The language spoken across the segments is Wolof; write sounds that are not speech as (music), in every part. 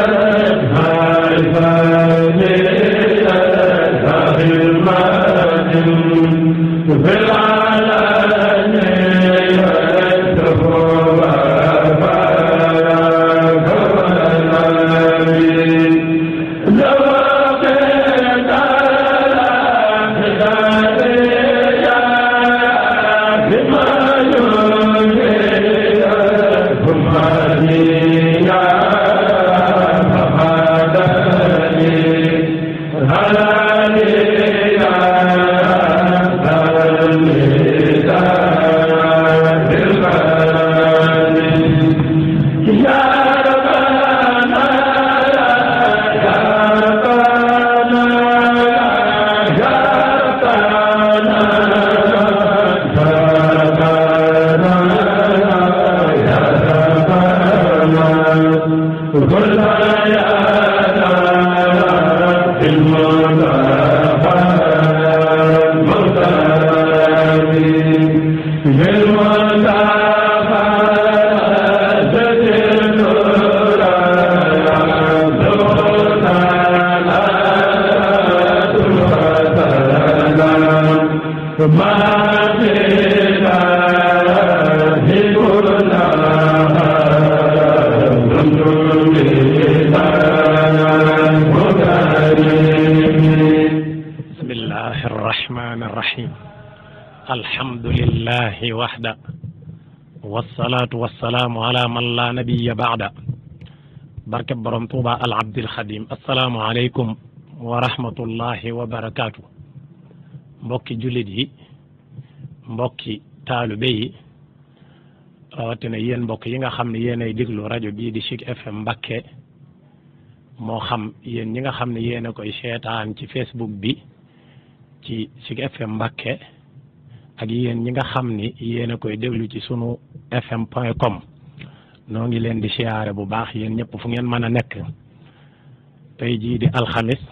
High five. الله الرحمن الرحيم الحمد لله وحده والصلاة والسلام على من لا نبي بعده بركة برم طوبة العبد الخديم السلام yi mbokki taalibe yi rawatina yéen mbokk yi nga xam ne yéenay déglu rajo bii di Chic FM Mbacké moo xam yéen ñi nga xam ne yéen a koy seetaan ci Facebook bi ci Zik FM Mbacke ak yeen ñi nga xamni yeen koy déglu ci sunu fm.com no ngi leen di siyaare bu baax yeen ñëpp fu ngeen mëna a nekk tey di alxamis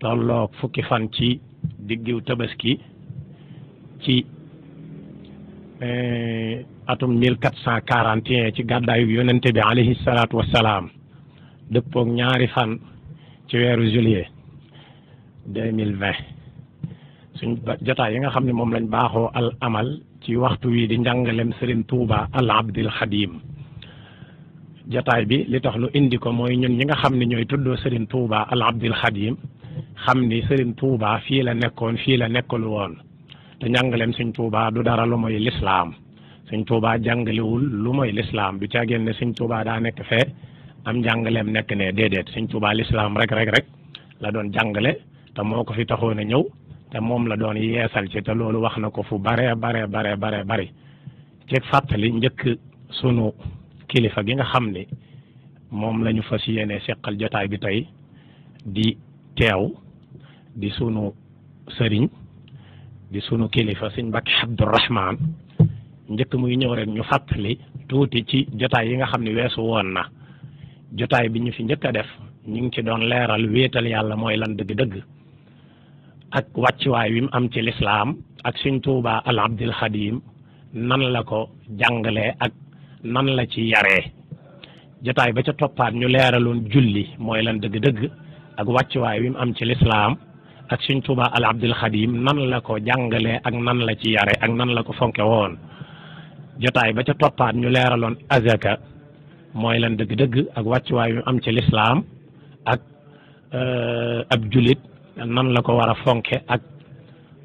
tollo fukki fan ci diggu tabaski ci eh, atum 1441 ci gàddaayu yonente bi alayhi salaatu wassalaam dëppoog ñaari fan ci wéru juillet 2020 suñ yi nga xam ne moom lañ baaxoo al amal ci waxtu wi di njàngalem Serigne Touba al Abdil Xadim jataay bi li tax lu indi ko mooy ñun ñi nga xam ne ñooy tuddoo Serigne Touba al Abdil Xadim xam ni Serigne Touba fii la nekkoon fii la nekkul woon te njàngalem suñ Touba du dara lu mooy lislaam suñ Touba jàngalewul lu mooy lislaam du caa génne suñ Touba daa nekk fee am njàngaleem nekk ne déedéet suñ Touba lislaam rek rek rek la doon jàngale te moo ko fi taxoon a ñëw. te moom la doon yeesal ci te loolu wax na ko fu bare bare bare bare bari ci fàttali njëkk sunu kilifa gi nga xam ni moom lañu ñu fas yéene seqal jotaay bi tey di teew di sunu sëriñ di sunu kilifa sëñ Mbàkke Abdourahman njëkk muy ñëw rek ñu fàttali tuuti ci jotaay yi nga xam ne weesu woon na jotaay bi ñu fi njëkk a def ñu ngi ci doon leeral wéetal yàlla mooy lan dëgg-dëgg ak wàccuwaay wi mu am ci lislaam ak suñ tuubaa al abdil xadim nan la ko jàngalee ak nan la ci yaree jotaay ba ca toppaat ñu leeraloon julli mooy lan dëgg-dëgg ak wàccuwaay wi mu am ci lislaam ak suñ tuubaa al abdil xadim nan la ko jàngalee ak nan la ci yare ak nan la ko fonke woon jotaay ba ca toppaat ñu leeraloon azaka mooy lan dëgg-dëgg ak wàccuwaay wi mu am ci lislaam ak euh, ab julit nan la ko war a fonke ak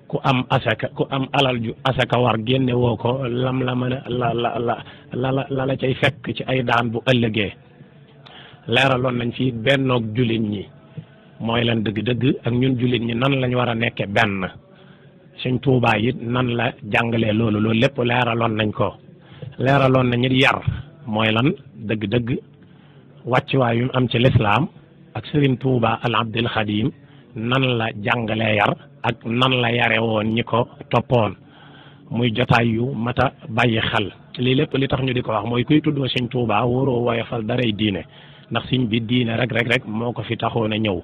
ku am asaka ku am alal ju asaka war génne woo ko lam la mën la la la la la cay fekk ci ay daan bu ëllëgee leeraloon nañ fii bennook julit ñi mooy lan dëgg-dëgg ak ñun julit ñi nan lañ war a nekke benn suñ tuubaa it nan la jàngalee loolu loolu lépp leeraloon nañ ko leeraloon nañ it yar mooy lan dëgg-dëgg wàccuwaay yu mu am ci lislaam ak sëriñ tuubaa al abdil xadim nan la jàngale yar ak nan la yare woon ñi ko toppoon muy jotaay yu mat a bàyyi xel li lépp li tax ñu di ko wax mooy kuy tuddoo sëñ Tuubaa wóoroo woyofal daray diine ndax siñ bi diine rek rek rek moo ko fi taxoon a ñëw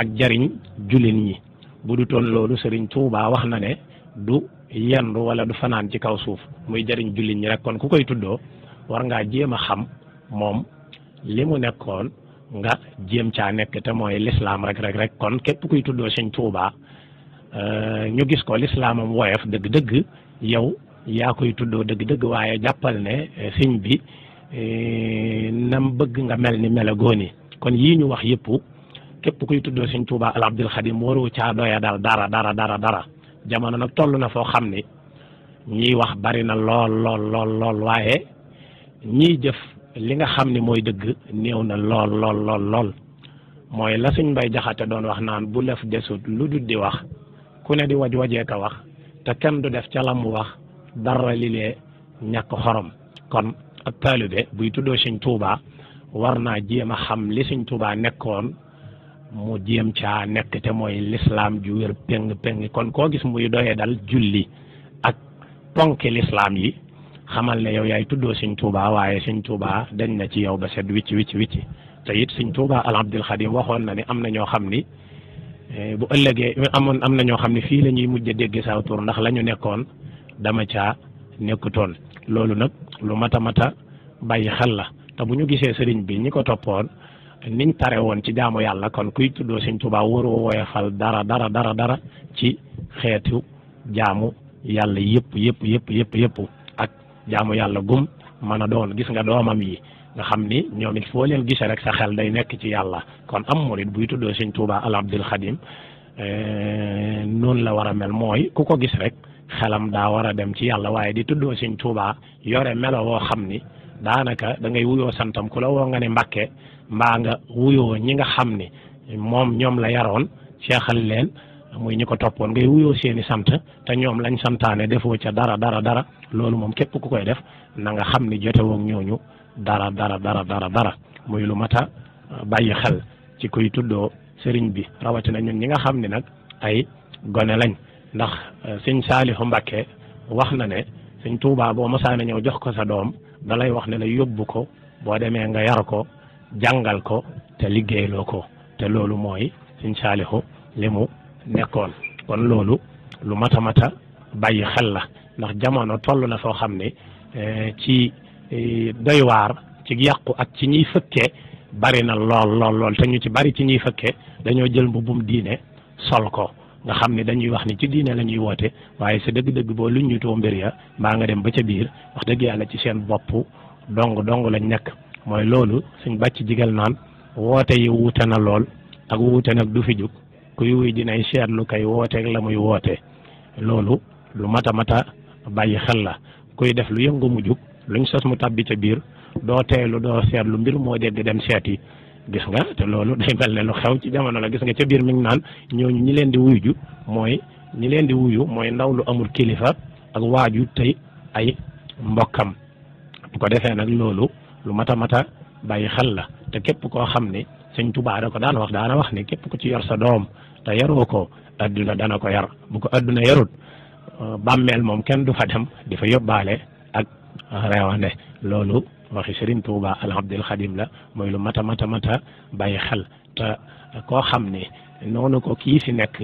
ak jariñ julin ñi bu du loolu sëriñ Tuubaa wax na ne du yendu wala du fanaan ci kaw suuf muy jariñ julin ñi rek kon ku koy tuddoo war ngaa jéem a xam moom li mu nekkoon nga jéem caa nekk te mooy lislaam rek rek rek kon képp kuy tuddoo sëñ Tuubaa euh, ñu gis ko lislaamam woyof dëgg-dëgg yow yaa koy tuddoo dëgg-dëgg waaye jàppal ne euh, sëñ bi euh, nam bëgg nga mel ni mela góoni kon yii ñu wax yëpp képp kuy tuddoo sëñ Tuubaa al Abdul Xadim waroo caa doya daal dara dara dara jamono nag toll na foo xam ni ñiy wax bari na lool lool lool waaye ñiy jëf li nga xam ne mooy dëgg néew na lool lool lool lool mooy la bay mbay te doon wax naan bu lëf desut lu dul di wax ku ne di waj wajee ka wax te kenn du def ca la mu wax dara li lee xorom kon ak taalibe buy tuddoo sëñ Tuubaa war naa jéem a xam li sëñ Tuubaa nekkoon mu jéem ca nekk te mooy lislaam ju wér péng péng kon koo gis muy doyee dal julli ak ponk lislaam yi xamal na yow yaay tuddoo sëñ Tuuba waaye sëñ Tuuba deñ na ci yow ba sedd wicc wicc wicc te it sëñ Tuuba al Abdul Xadim waxoon na ne am na ñoo xam ni eh, bu ëllëgee amoon am na ñoo xam ne fii la mujj a dégg saw tur ndax la ñu nekkoon dama caa nekkutoon loolu nag lu mata mata bàyyi xel la te bu ñu gisee sëriñ bi ñi ko toppoon niñ tare woon ci jaamu yàlla kon kuy tuddoo sëñ Tuuba waroo woyofal dara dara dara dara ci xeetu jaamu yàlla yëpp yëpp yëpp yëpp yëpp jaamu yàlla gum mën a doon gis nga doomam yi nga xam ni ñoom it foo leen gisee rek sa xel day nekk ci yàlla kon am murit buy tuddoo sëñ Tuubaa al Abdul Xadim eh, noonu la war a mel mooy ku ko gis rek xelam daa war a dem ci yàlla waaye di tuddoo sëñ Tuubaa yore melo woo xam ni daanaka da ngay wuyoo santam ku la woo nga ne Mbàkke mbaa nga wuyoo ñi nga xam ni moom ñoom la yaroon seexal leen muy ñi ko toppoon ngay wuyoo seen i sant te ñoom lañ santaane defoo ca dara dara dara loolu moom képp ku koy def na nga xam ni jotewoog ñooñu dara dara dara dara dara muy lu mata uh, bàyyi xel ci kuy tuddoo sëriñ bi rawatina ñun ñi nga xam ni nag ay gone lañ ndax uh, sëñ saalihu mbàkke wax na ne sëñ tuubaa boo mosaane ñëw jox ko sa doom dalay wax ne la yóbbu ko boo demee nga yar ko jàngal ko te liggéeyloo ko te loolu mooy sëñ saalihu li mu nekkoon kon loolu lu mat a mat bàyyi xel la ndax jamono toll na foo xam ne eh, ci eh, doy ci yàqu ak ci ñiy fëkkee bari na lool lool lool te ñu ci bari ci ñiy fëkkee dañoo jël mbubbum diine sol ko nga xam ne dañuy wax ni ci diine la ñuy woote waaye sa dëgg-dëgg boo lu ñutoo mbir ya mbaa nga dem ba ca biir wax dëgg yàlla ci seen boppu dong dong lañ nekk mooy loolu suñ bàcc jigal naan woote yi wuute na lool ak wuute nag du fi jóg kuy wuy ay seetlu kay wooteek la muy woote loolu lu mata mata bàyyi xel la kuy def lu yëngu mu jug luñ sos mu tàbbi ca biir doo teelu doo seetlu mbir moo dégg dem seet yi gis nga te loolu day mel ne lu xew ci jamono la gis nga ca biir mi ngi naan ñooñu ñi leen di wuyu mooy ñi leen di wuyu mooy ndaw lu amul kilifa ak waaju tey ay mbokkam bu ko defee nag loolu lu mat a mat a bàyyi xel la te képp koo xam ne sëñ Tuubaa da ko daan wax daana wax ne képp ku ci yor sa doom te yaroo ko adduna dana ko yar bu ko adduna yarut euh, bàmmeel moom kenn du fa dem di fa yóbbaale ak reewande loolu waxi sëriñ Touba Al Abdil Xadim la mooy lu mata mata mata bàyyi xel te koo xam ni noonu ko kii fi nekk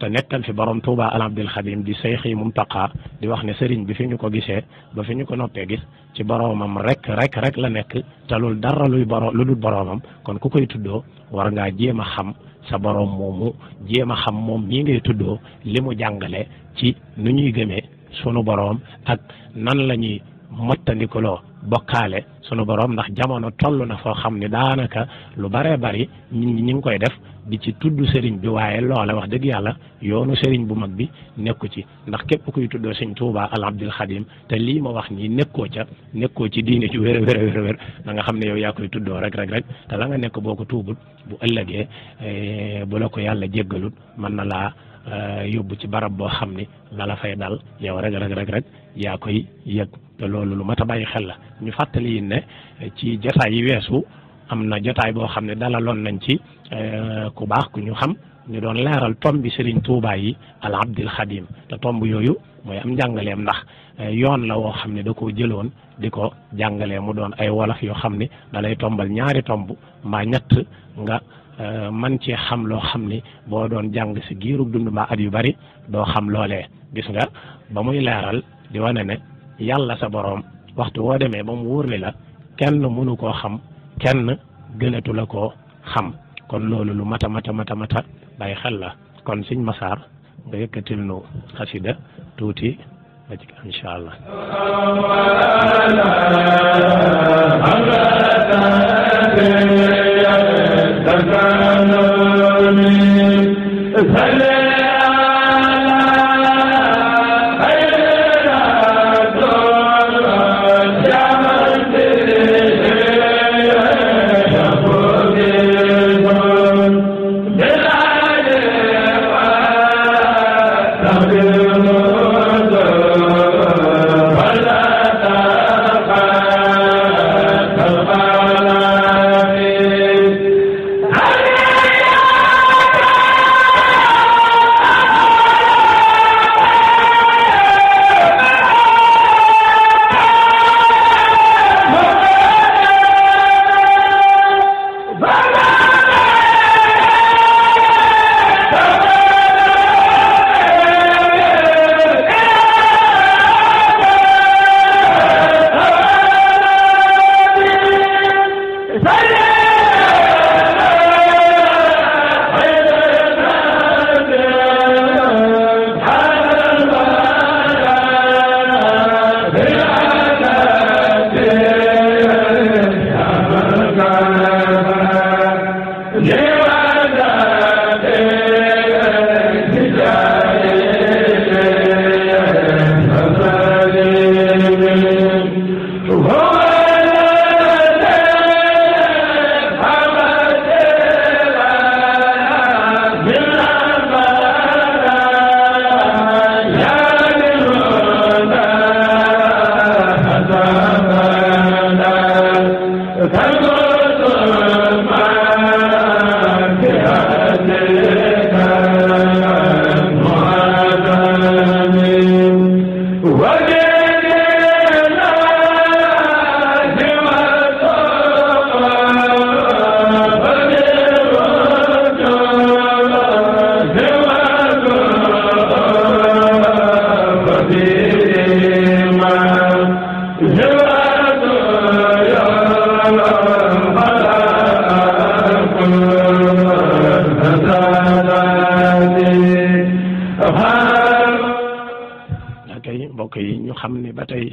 te nekkal fi borom Touba Al Abdil Xadim di Seyxi Muntaqa di wax ne sëriñ bi fi ñu ko gisee ba fi ñu ko noppee gis ci boromam rek rek rek la nekk te loolu dara luy boro lu dul boromam kon ku koy tuddoo war ngaa jéem a xam. sa boroom moomu jéem a xam moom mii ngay tuddoo li mu jàngale ci nu ñuy gëmee sunu boroom ak nan la ñuy mottandikuloo bokkaale sunu borom ndax jamono toll na foo xam ne daanaka lu baree bari nit ñi ñi ngi koy def di ci tudd sëriñ bi waaye loola wax dëgg yàlla yoonu sëriñ bu mag bi nekku ci ndax képp kuy tuddoo sëñ Tuubaa al Abdul Xadim te lii ma wax nii nekkoo ca nekkoo ci diine ci wér a wér a wér a xam ne yow yaa koy tuddoo rek rek rek te la nga nekk boo ko tuubut bu ëllëgee eh, bu la ko yàlla jéggalut mën na laa Eh, yóbbu ci barab boo xam ni dala la fay dal yow rek rek rek rek yaa koy yëg te loolu lu mat a bàyyi xel la ñu fàttali yi ne ci jotaay yi weesu am na jotaay boo xam ne dalaloon nañ ci eh, ku baax ku ñu xam ñu doon leeral tomb bi Serigne Touba yi al Abdil Xadim te tomb yooyu mooy am njàngaleem ndax eh, yoon la woo xam ne da koo jëloon di ko jàngalee mu doon ay wolof yoo xam ne da tombal ñaari tomb mbaa ñett nga. Euh, man cee xam loo xam ni boo doon jàng si giirug dund mbaa at yu bari doo xam loole gis nga ba muy leeral di wane ne yàlla sa boroom waxtu woo demee ba mu wóor ni la kenn mënu koo xam kenn gënatu la koo xam kon loolu lu mata mata mata mata bàyyi xel la kon siñ masaar nga yëkkatil nu xasida tuuti ba ci incha allah تسالني اسالني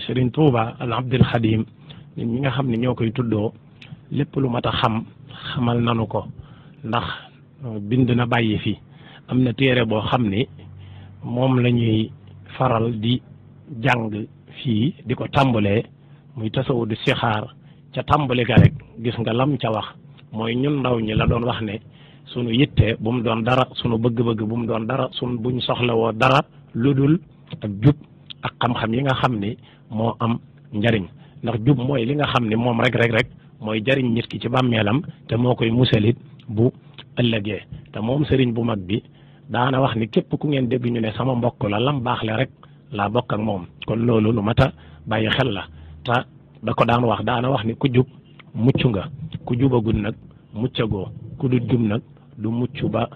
Serigne Touba al Abdul Xadim ñun ñi nga xam ne ñoo koy tuddoo lépp lu mat a xam xamal nanu ko ndax euh, bind na bàyyi fi am na téere boo xam ni moom la ñuy faral di jàng fii di ko tàmbalee muy tasawu di sixaar ca tàmbali ga rek gis nga lam ca wax mooy ñun ndaw ñi la doon wax ne sunu yitte bu mu doon dara sunu bëgg-bëgg bu mu doon dara sunu buñ soxlawoo dara lu dul ak jub ak xam-xam yi nga xam ni moo am njariñ ndax jub mooy li nga xam ne moom rek rek rek mooy jariñ nit ki ci bàmmeelam te moo koy musalit bu ëllëgee te moom sëriñ bu mag bi daana wax ni képp ku ngeen dégg ñu ne sama mbokk la lam baax le rek laa bokk ak moom kon loolu lu mat a bàyyi xel la te da ko daan wax daana wax ni ku jub mucc nga ku jubagul nag muccagoo ku du jub nag du mucc ba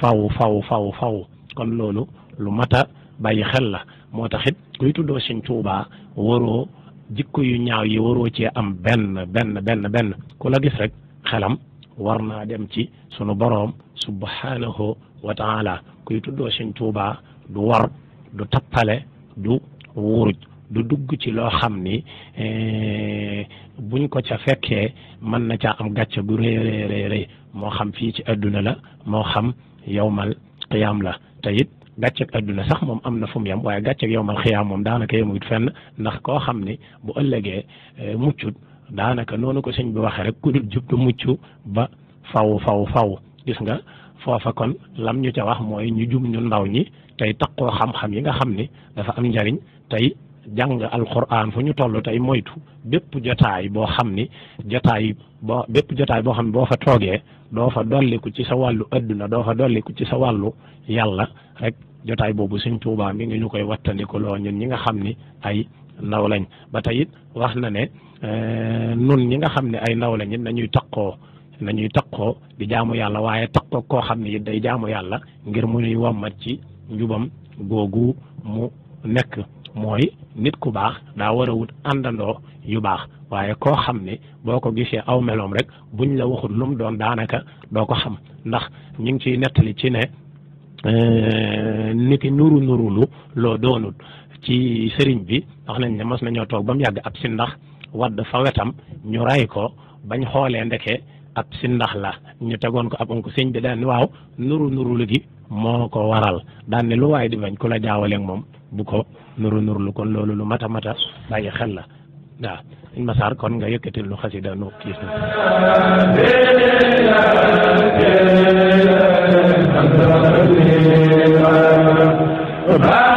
faw faw faw faw kon loolu lu mat a bàyyi xel la moo tax it kuy tuddoo sëñ Tuubaa waroo jikko yu ñaaw yi waroo cee am benn benn benn benn ku la gis rek xelam war naa dem ci sunu boroom subhanahu wa taala kuy tuddoo sëñ Tuubaa du war du tappale du wuruj du dugg ci loo xam ni eh, buñ ko ca fekkee mën na caa am gàcce gu rëy rëy moo xam fii ci adduna la moo xam yowmal qiyaam la te it gàcceeg adduna sax moom am na fu mu yem waaye gàcceeg yowmal xiyaam moom daanaka yemut fenn ndax koo xam ni bu ëllëgee eh, muccut daanaka noonu ko sëñ bi waxee rek ku dul jub mucc ba faw faw faw gis nga foofa kon lam ñu ca wax mooy ñu jub ñu ndaw ñi tey taqoo xam-xam yi nga xam ni dafa am njariñ tey jàng alquran fu ñu tollu tey moytu bépp jotaay boo xam ni jotaay boo bépp jotaay boo xam ni boo fa toogee doo fa dolliku ci sa wàllu adduna doo fa dolliku ci sa wàllu yàlla rek jotaay boobu suñ tuubaa mi ngi ñu koy wattandiku loo ñun ñi nga xam ni ay ndaw lañ ba tey it wax na ne eh, nun ñi nga xam ne ay ndaw lañ it nañuy taqoo nañuy taqoo di jaamu yàlla waaye taqoo koo xam ne day jaamu yàlla ngir mu ñuy wommat ci njubam googu mu nekk mooy nit ku baax daa war a wut àndandoo yu baax waaye koo xam ne boo ko gisee aw meloom rek buñ la waxul lu doon daanaka doo ko xam ndax ñu ngi ciy nettali ci ne euh, nit ki nuru nurulu loo doonul ci sëriñ bi wax nañ ne mas nañoo toog bam mu yàgg ab si ndax wadd fa wetam ñu ray ko bañ xoolee ndeke ab si ndax la ñu tegoon ko ab onk sëñ bi daan waaw nuru nurulu gi moo ko waral daan ne lu waaye di bañ ku la jaawaleeg moom bu ko nuru nur lu kon loolu lu mat a mat a xel la waaw sëñ Masaar kon nga yëkkatil nu xasida nu kiis na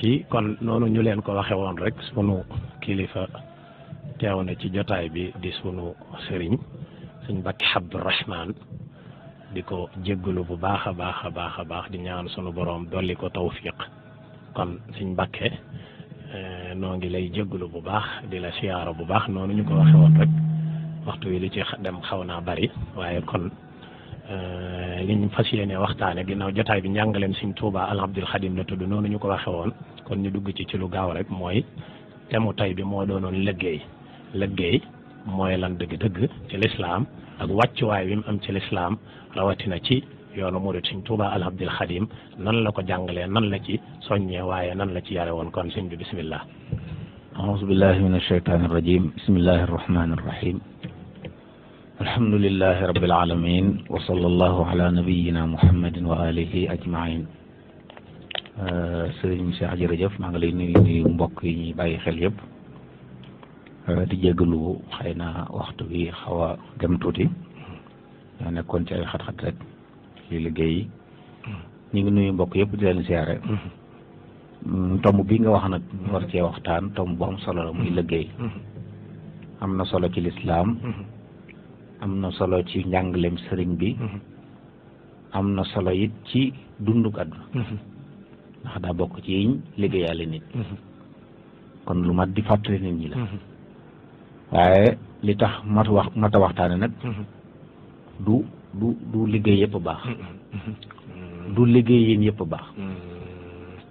xii kon noonu ñu leen ko waxe woon rek sunu kilifa teew na ci jotaay bi di sunu sëriñ suñ bakki Abdourahman di ko jéggalu bu baax a baax a baax a baax di ñaan sunu boroom dolli ko tawfiq kon suñ bakke eh, noo ngi lay jéggalu bu baax di la siyaara bu baax noonu ñu ko waxe woon rek waxtu wi li ci dem xaw naa bari waaye kon liñ euh, fas yéene waxtaan ginnaaw jotaay bi njàngaleem Sëriñ Tuubaa al Abdul Xadim la tudd noonu ñu ko waxe woon kon ñu dugg ci ci lu gaaw rek mooy temu tay bi moo doonoon léggéey liggéey mooy lan dëgg-dëgg ci lislaam ak wàccuwaay bi mu am ci lislaam rawatina ci yoonu murid Sëriñ Tuubaa al Abdul Xadim nan la ko jàngalee nan la ci soññee waaye nan la ci yare woon kon sëñ bi bismillah aouzu billahi min ashaytaani rajim bismillahi arrahmani arrahim الحمد لله رب العالمين وصلى الله على نبينا محمد وآله أجمعين آه، سيدنا شعج رجف مغليني مبقي باي خليب آه، دي جغلو خينا وقت بي خوا جمتوتي يعني كون جاي خط خط رد للغي نيغنو مبقي يب دي لنسيارة tomb bi nga wax nak war ci waxtan tomb bu am na solo ci njàngaleem sëriñ bi mm-hmm. am na solo it ci dunduk àdduna mm-hmm. ndax daa bokk ci yiñ liggéeyaale nit mm-hmm. kon lu mat di fàttali nit ñi la waaye li tax mat wax mat waxtaane nag du du du liggéey yëpp baax du liggéey yéen yëpp baax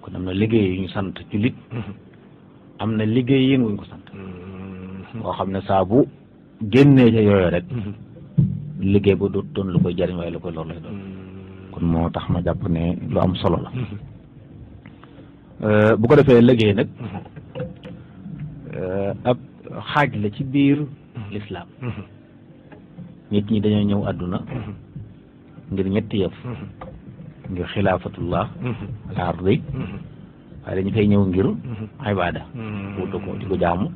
kon am na liggéey yu ñu sant jullit am na liggéey yéen ko sant boo xam ne saabu génnee ca yooyu rek mm-hmm. liggéey bu du doon lu koy jariñ waaye lu koy loolu doon mm-hmm. kon moo tax ma jàpp ne lu am solo la mm-hmm. euh, bu ko defee liggéey nag euh, ab xaaj la ci biir lislaam nit ñi dañoo ñëw àdduna ngir ñetti yëf ngir xilaafatullah al waaye dañ fay ñëw ngir ibada wutu ko di ko jaamu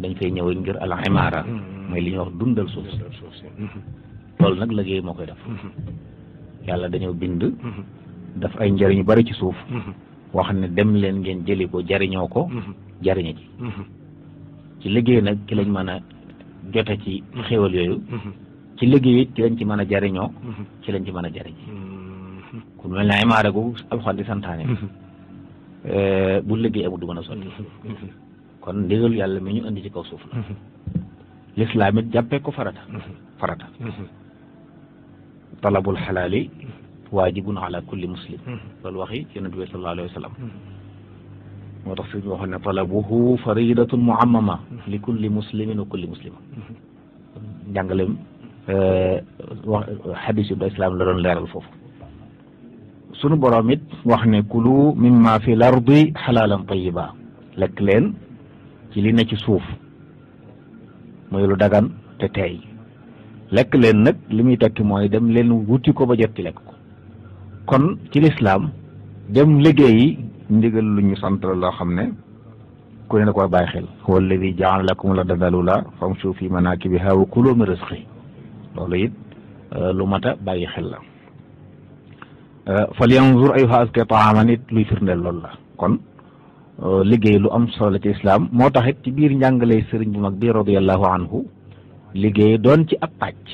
dañ fay ñëw ngir al imaara mooy li ñuy wax dundal suuf loolu nag liggéey moo koy def yàlla dañoo bind daf ay njëriñ yu bari ci suuf wax ne dem leen ngeen jëli ko jariñoo ko jariña ji ci liggéey nag ci lañ mën a jote ci xéwal yooyu ci liggéey ci lañ ci mën a jariñoo ci lañ ci mën a jariñ kon mel na imaara gu alxuraan di santaane bu liggéey amul du mën a sotti kon ndigalu yàlla mi ñu indi ci kaw suuf la الإسلام جابيكو فرادا فرادا طلب الحلال واجب على كل مسلم فالوخي ينبي صلى الله عليه وسلم وتصفيق وحن طلبه فريدة معممة لكل مسلم وكل مسلم جانجلم آه، حديث الإسلام لرن لير الفوف سنو براميت وحن كلو مما في الأرض حلالا طيبا لكلين كلينة كسوف mooy lu dagan te teey lekk leen nag li muy tekki mooy dem leen wuti ko ba jot ci lekk ko kon ci lislaam dem liggéeyi ndigal lu ñu sant la loo xam ne ku ne na ko war bàyyi xel huwa alladi jaala lakum la dadalula famshu fi manakibiha wa kulu min rizqi loolu it euh, lu mat bàyyi xel la euh, fal yanzur ayuha aska taaman it luy firndeel loolu la kon liggéey lu am solo ci islaam moo tax it ci biir njàngale sëriñ bu mag bi radiallahu anhu liggéey doon ci ab pàcc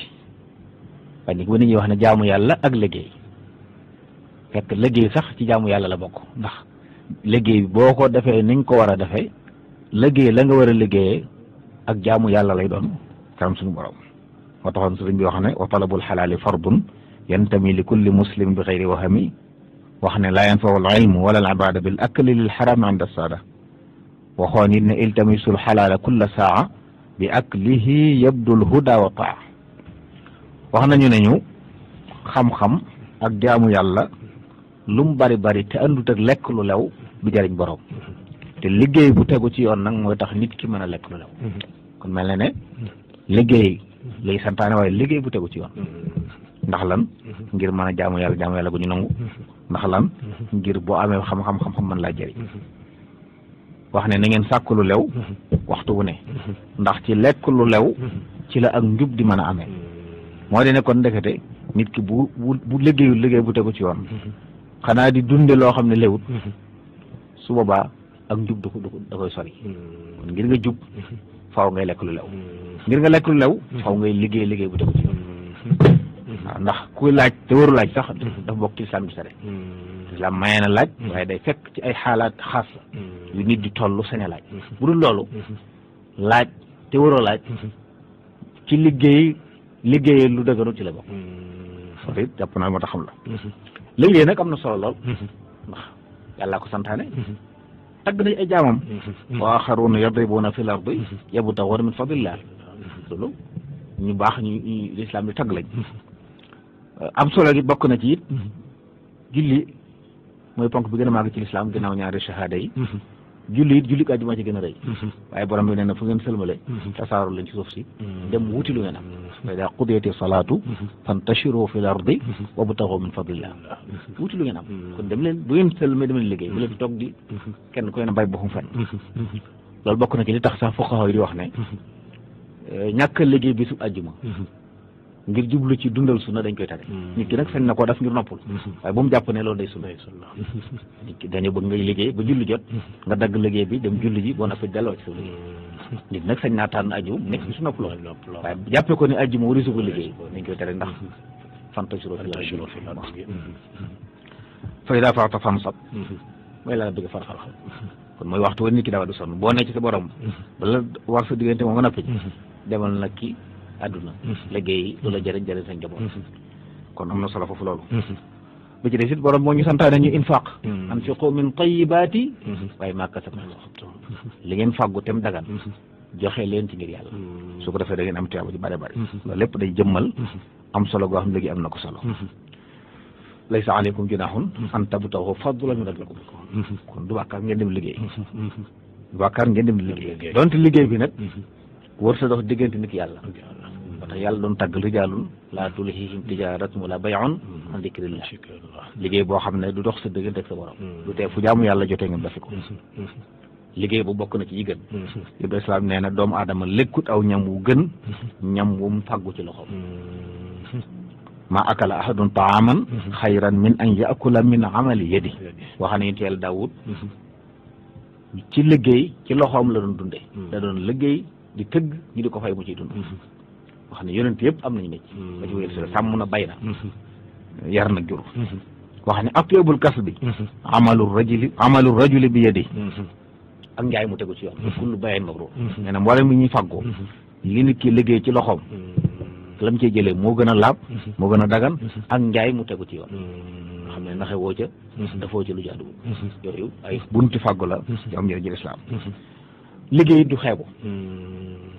waa ni ñuy wax ne jaamu yàlla ak liggéey fekk liggéey sax ci jaamu yàlla la bokk ndax liggéey boo ko defee niñ ko war a defee liggéey la nga war a liggéeyee ak jaamu yàlla lay doon kanam suñu borom moo taxoon sëriñ bi wax ne wa talabul xalaali fardun yantami li kulli muslim bi xayri wahami wax ne laa yanfahu al ilmu wala al ibada bil akli lil xarami inda saada waxoon it saa bi aklihi yabdul huda wa wax nañu ne ñu xam-xam ak jaamu yàlla lu mu bari bari te àndut teg lekk lu lew du jariñ borom te liggéey bu tegu ci yoon nag mooy tax nit ki mën a lekk lu lew kon mel na ne liggéey lay santaane waaye liggéey bu tegu ci yoon ndax lan ngir mën a jaamu yàlla jaamu yàlla gu ñu nangu ndax lan ngir boo amee xam-xam xam-xam laa jëriñ wax ne na ngeen sàkk lu lew waxtu wu ne ndax ci lekk lu lew ci la ak njub di mën a amee moo di ne kon ndekete nit ki bu bu liggéeyul liggéey bu tegu ci yoon xanaa di dunde loo xam ne lewut su boobaa ak njub du ko da koy sori kon ngir nga jub faw ngay lekk lu lew ngir nga lekk lu lew faw ngay liggéey liggéey bu tegu yoon waaw ndax kuy laaj te waru laaj sax mm. daf bokk ci islam bi sare mm. islam maye na laaj mm. waaye day fekk ci ay xaalaat xaas yu nit di toll sene laaj bu loolu laaj te waroo laaj ci liggéey lu dëgëru ci la bokk loolu it jàpp moo tax la liggéey nag am na solo lool ndax ko santaane tagg nañ ay jaamam wa axaruuna yadribuuna fi l ardi yabtaxuuna min fadlillah loolu ñu baax ñu lislaam di tagg lañ am solo gi bokk na ci it mm-hmm. julli mooy ponk bi gën a màgg ci lislaam ginnaaw ñaari shahada yi mm-hmm. julli it julli àjjuma ci gën a rëy mm-hmm. waaye borom bi nee na fu ngeen sëlmale tasaaroo leen ci suuf si dem wuti lu ngeen am fa ida qudiyati salaatu fantashiru fi l ardi wabtaxu min fadlillah wuti lu ngeen am kon dem leen bu ngeen sëlmee dem liggéey bu leen toog di kenn koy na bay boppam fenn loolu bokk na ci li tax sax fuqaha yi di wax ne ñàkk liggéey bisu ngir jublu ci dundal sunna dañ koy tere mm. nit ki nag sañ na koo def ngir noppul mm. waaye bu mu jàpp ne loolu day sunna (laughs) nit ki dañu bëgg ngay liggéey ba julli jot mm. nga dagg liggéey bi dem julli ji boo noppee delloo ci sa liggéey nit nag sañ naa tànn aju nekk ci su nopp lool waaye jàppee ko ni aju ma wari su ko liggéey dañ koy tere ndax fantasiro la fay daa kon mooy waxtu wa nit ki dawa du sonn boo nekk ci sa borom bala war sa diggante moom nga noppi demal nag ki aduna mm-hmm. liggey lu la jëriñ jëriñ sa njabot mm-hmm. kon amna na solo foofu loolu mm-hmm. bi ci def sit borom mo ñu santaane ñu infaq fi qawmin tayyibati way ma kasab li ngeen fagu tem dagan joxe len ci ngir yalla su ko defé da ngeen am tiyabu ci bare bare loolu day jëmmal am solo go xam liggey léegi am na ko solo laysa alaykum junahun an tabtahu fadlan min rabbikum kon du bakkar ngeen dem liggey bakkar ngeen dem liggey donte liggey bi nak war sa dox diggante nit yàlla moo tax yàlla doon tàgg rijaalun laa tulhiihim tijaaratun wala bay'un an dikrillah liggéey boo xam ne du dox sa diggante ak sa borom hmm. du tee fu jaamu yàlla jotee ngeen basi ko hmm. liggéey bu bokk na ci yi gën yóbbu hmm. islaam nee na doomu aadama lekkut aw ñam wu gën ñam wu mu fàggu ci loxoom ma akala ahadun taaman xayran min an yaakula min amali yadi waxam ne it yàlla daawut ci liggéey ci loxoom la doon dundee da doon liggéey di tëgg ñu di ko fay mu ciy dund wax ne yonent yëpp am nañu ne mm-hmm. ba ci wéyal si sàmm na bay na mm-hmm. yar na jur mm-hmm. wax ne atyabul kas bi amalu rajuli amalu rajuli bi yadi ak njaay mu tegu ci yoon kullu bayin mabrur nee na mboolem bi ñuy faggoo li nit ki liggéey ci loxoom lam cee jëlee moo gën a laab moo gën a dagan ak njaay mu tegu ci yoon xam ne naxe woo ca dafoo ca lu jaaduwul yooyu ay bunti fàggu la ci am njëriñ ci liggéey du xeebu hmm.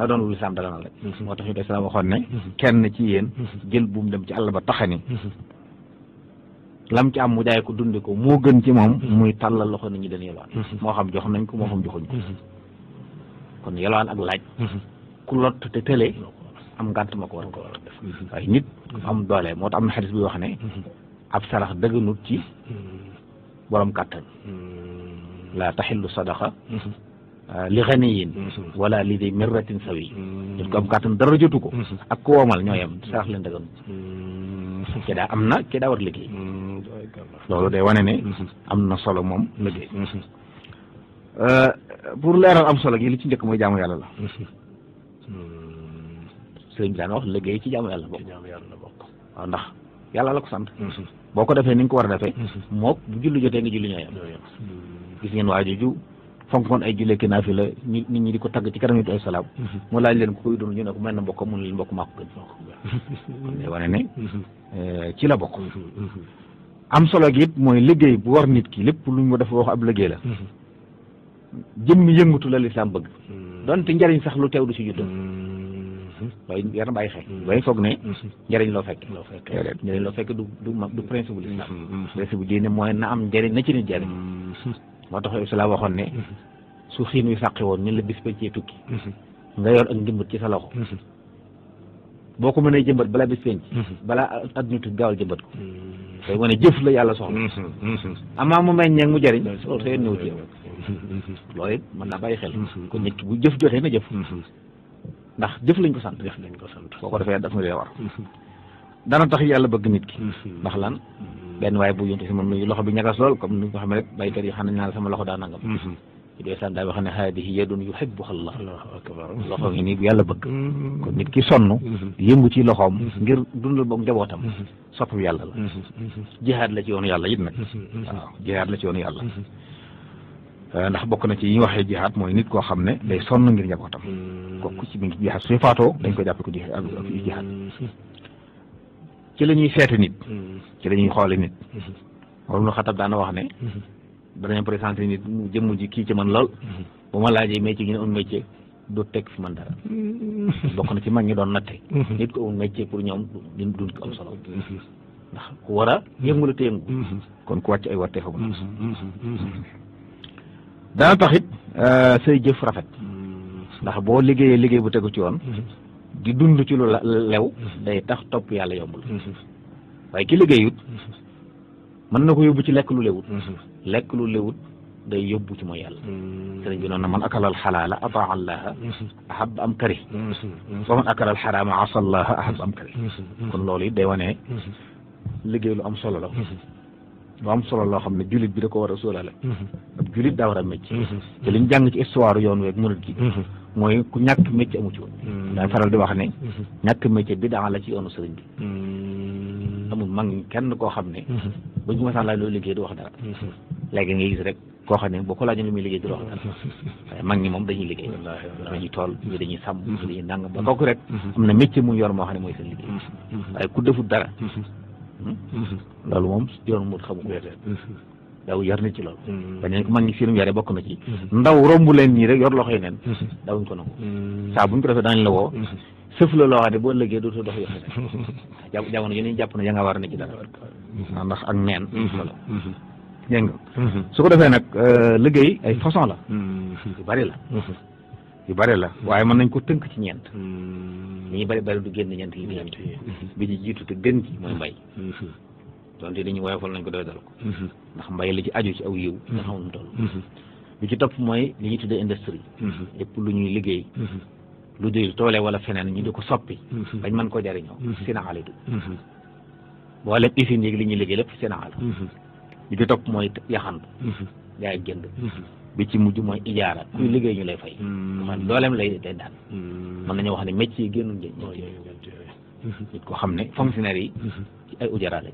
na doon lu lislaam daganal rek hmm. moo tax ñu de salaam waxoon ne hmm. kenn ci yéen jël buum dem ci àll ba taxani lam ci am mu jaay ko dunde ko moo gën ci moom muy tàllal loxo nit ñi dañu yelwaan moo xam jox nañ ko moo xam joxuñ ko kon yelwaan ak laaj ku lott te tële am ngànt ma ko war ko war a def waaye nit am doole moo tax am na xadis bi wax ne ab sarax dëgganut ci borom kàttan laa taxillu sadaqa Euh, li xaniyin mm-hmm. mm-hmm. wala li di mirratin sawi mm-hmm. def ko am kàttan dara jotu ko ak ku woomal ñoo yem sarax leen dëggan ke daa am na ke daa war liggéey loolu day wane ne am na solo moom liggéey euh, pour leeral am solo gi li ci njëkk mooy jaamu yàlla la sëriñ bi daan wax liggéey ci jaamu yàlla bokk waaw ndax yàlla la ko sant boo ko defee ni ko war a defee mook bu julli jotee nga julli ñoo yem gis ngeen waa jooju fonkoon ay jullee ki naafi la ñi nit ñi di ko tagg ci kanam nit ay salaam mm-hmm. mu laaj leen ku koy dund ñu ne ko mel na mbokk mun leen mbokk maa ko gën mm-hmm. kon ne wane ne mm-hmm. eh, ci la bokk am solo gi mooy liggéey bu war nit ki lépp lu mu dafa wax ab liggéey la jëmmi yëngatu la lislaam bëgg donte njariñ sax lu teew du si judd waaye yar na bàyyi xel waaye foog ne njëriñ loo fekk loo fekk njëriñ loo du du du bu lislaam principe bu diine mooy na am njëriñ na ci nit jëriñ moo tax islam waxoon ne su xiin wi sàqi woon ñun la bis ba cee tukki nga yor ak njëmbat ci sa loxo boo ko mënee jëmbat balaa bis penc balaa adduna tukki gaawal jëmbat ko mm-hmm. day wane jëf la yàlla soxla mm-hmm. amaa mu meññeeg mu jëriñ loolu sa yoon ñëw ci mën naa bàyyi xel mm-hmm. kon nit ki bu jëf jotee na jëf ndax jëf lañ ko sant jëf lañ ko sant boo ko defee daf nga dee war dana tax yàlla bëgg nit ki ndax lan benn waaye bu yontu si moom nuyu loxo bi ñagas lool comme ni nga xam ne rek baykat yi xam loxo daa nangam ci mm-hmm. desaan daa wax ne haadihi yadun yuhibbuha Allah allahu akbar loxo yàlla bëgg mm-hmm. kon nit ki mm-hmm. ci loxoom boog njabootam sopp yàlla la jihaad la ci yoonu yàlla it nag waaw jihaad la ci yoonu yàlla euh, ndax bokk na ci yi ñu waxee jihaad mooy nit koo xam ne day sonn ngir njabootam kooku ci mi ngi jihaad suy faatoo dañ koy jàppe ko jihaad ci la ñuy nit mm-hmm. ci la ñuy xoole nit mm-hmm. warum lu xatab daana wax ne mm-hmm. danañ présenté nit mu jëmm ji kii ci man lool bu ma laajee métier gi ne un métier du teg fi man dara bokk na ci mag ñi doon natte nit ko un métier pour ñoom duñ duñ ko am solo ndax ku war a yëngu la te yëngu kon ku wàcc ay wartee fa mu dana taxit euh, say jëf rafet ndax boo liggéeyee liggéey bu tegu ci woon di dund ci lu lew mm-hmm. day tax topp yàlla yombul mm-hmm. waaye ki liggéeyut mm-hmm. mën na ko yóbbu ci lekk lu lewut lekk lu lewut day yóbbu ci mooy yàlla sëriñ bi noonu na man akalal xalaala ataa allaha ahab am kari wa man akalal xaraama asallaha am kari kon loolu it day wane liggéey lu am solo la lu am solo loo xam ne jullit bi da ko war a sóolaale mhm. ab jullit daa war a mécc mhm. te li ñu jàng ci histoire yoon weeg murit gi mhm. mooy ku ñàkk mécc amu ci woon daan faral di wax ne ñàkk mécc bi daa la ci yoonu sëriñ bi amul mag kenn koo xam ne buñ ko masaan laaj loolu liggéey du wax dara léegi nga gis rek koo xam ne boo ko laajoon lu muy liggéey du wax dara waaye mag ñi moom dañuy liggéey dañuy tool ñi dañuy sàmm ñi dañuy nangam ba kooku rek am na métier mu yor moo xam ne mooy seen liggéey waaye ku defut dara loolu moom yoon mu xamu ko daw yar na ci loolu dañ leen ko mag ñi seenum yare bokk na ci mm. ndaw romb leen nii rek yor loxo yi neen mm. dawuñ ko nangu mm. saa buñ ko defee daañu la woo sëf la loo boo lëggee dootoo dox yoxe ne (laughs) jamono yi ñu jàpp ne ya nga war na ci dara mm-hmm. ndax ak neen mm-hmm. loolu mm-hmm. dégg nga su ko defee nag euh, liggéey ay façon la yu bari la yu bare la waaye mën nañ ko tënk ci ñeent hmm. li ñu bari bari du génn ñeent yi ñeent bi ci jiitu te gën ci mooy mbay hmm. donte li ñu woyofal nañ ko doy dal ko hmm. ndax mbay la ci aju ci aw yiw li ñuy tuddee industrie lépp lu ñuy liggéey lu dul toole wala feneen ñu di ko soppi bañ mën koo jariñoo Sénégal du boo lépp usine yi li ñuy liggéey lépp Sénégal bi ci topp mooy yaxantu jaay jënd bi ci mujj mooy ijaara kuy hmm. liggéey ñu lay fay hmm. man dooleem lay day daan hmm. mën nañu wax ne métier yi génnul njëñ nit ko xam ne fonctionnaire yi ci ay ujara lañ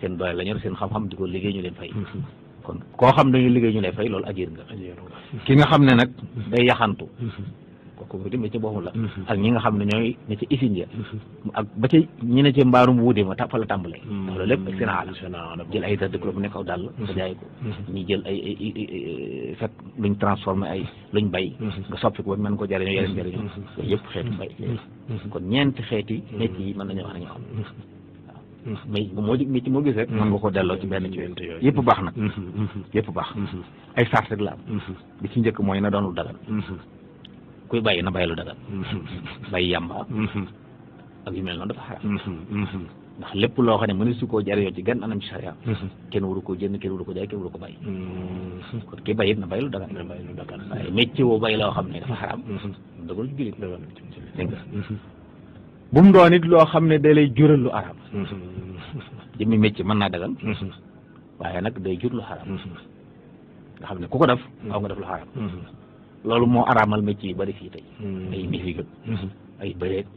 seen doole la ñor seen xam-xam di ko liggéey ñu leen fay kon koo xam dañuy liggéey ñu lay fay loolu ajir nga ki nga xam ne nag day yaxantu kooku wuti métier boobu la mm-hmm. ak ñi nga xam ne ñooy métier usine ya mm-hmm. ak ba ci ñi ne ci mbaarum wuute ma fa la tàmbalee mm-hmm. loolu lépp sinaa la jël ay dara dëkk bu nekk aw dal nga jaay ko ñu jël ay ay fekk luñ transformé ay luñ bay nga soppi ko ba mën ko jëriñoo yeneen jëriñoo yooyu yëpp xeetu mbay kon ñeenti xeeti métier yi mën nañoo wax a ñoo am mais moo mi moo gis rek mën nga ko delloo ci benn ci yooyu yëpp baax nag yëpp baax ay sart rek la am bi ci njëkk mooy na doon lu kuy bàyyi na bàyyi lu dagan (laughs) bàyyi yàmba mm-hmm. ak yu mel noonu dafa xaram mm-hmm. mm-hmm. ndax lépp loo xam ne mënees su koo jariñoo ci gan anam ci sariya kenn waru ko jënd kenn waru ko jaay kenn waru ko bàyyi kon ki bàyyi lu dagan waaye métier woo bàyyi loo xam ne dafa xaram dëggal doon it loo xam ne da lay jural lu araam jëmmi métier mën naa dagan waaye nag day jur lu xaram nga xam ne ku ko def aw nga def lu xaram loolu moo araamal métier yu bëri fii tey. Mm-hmm. ay musique mm-hmm. ay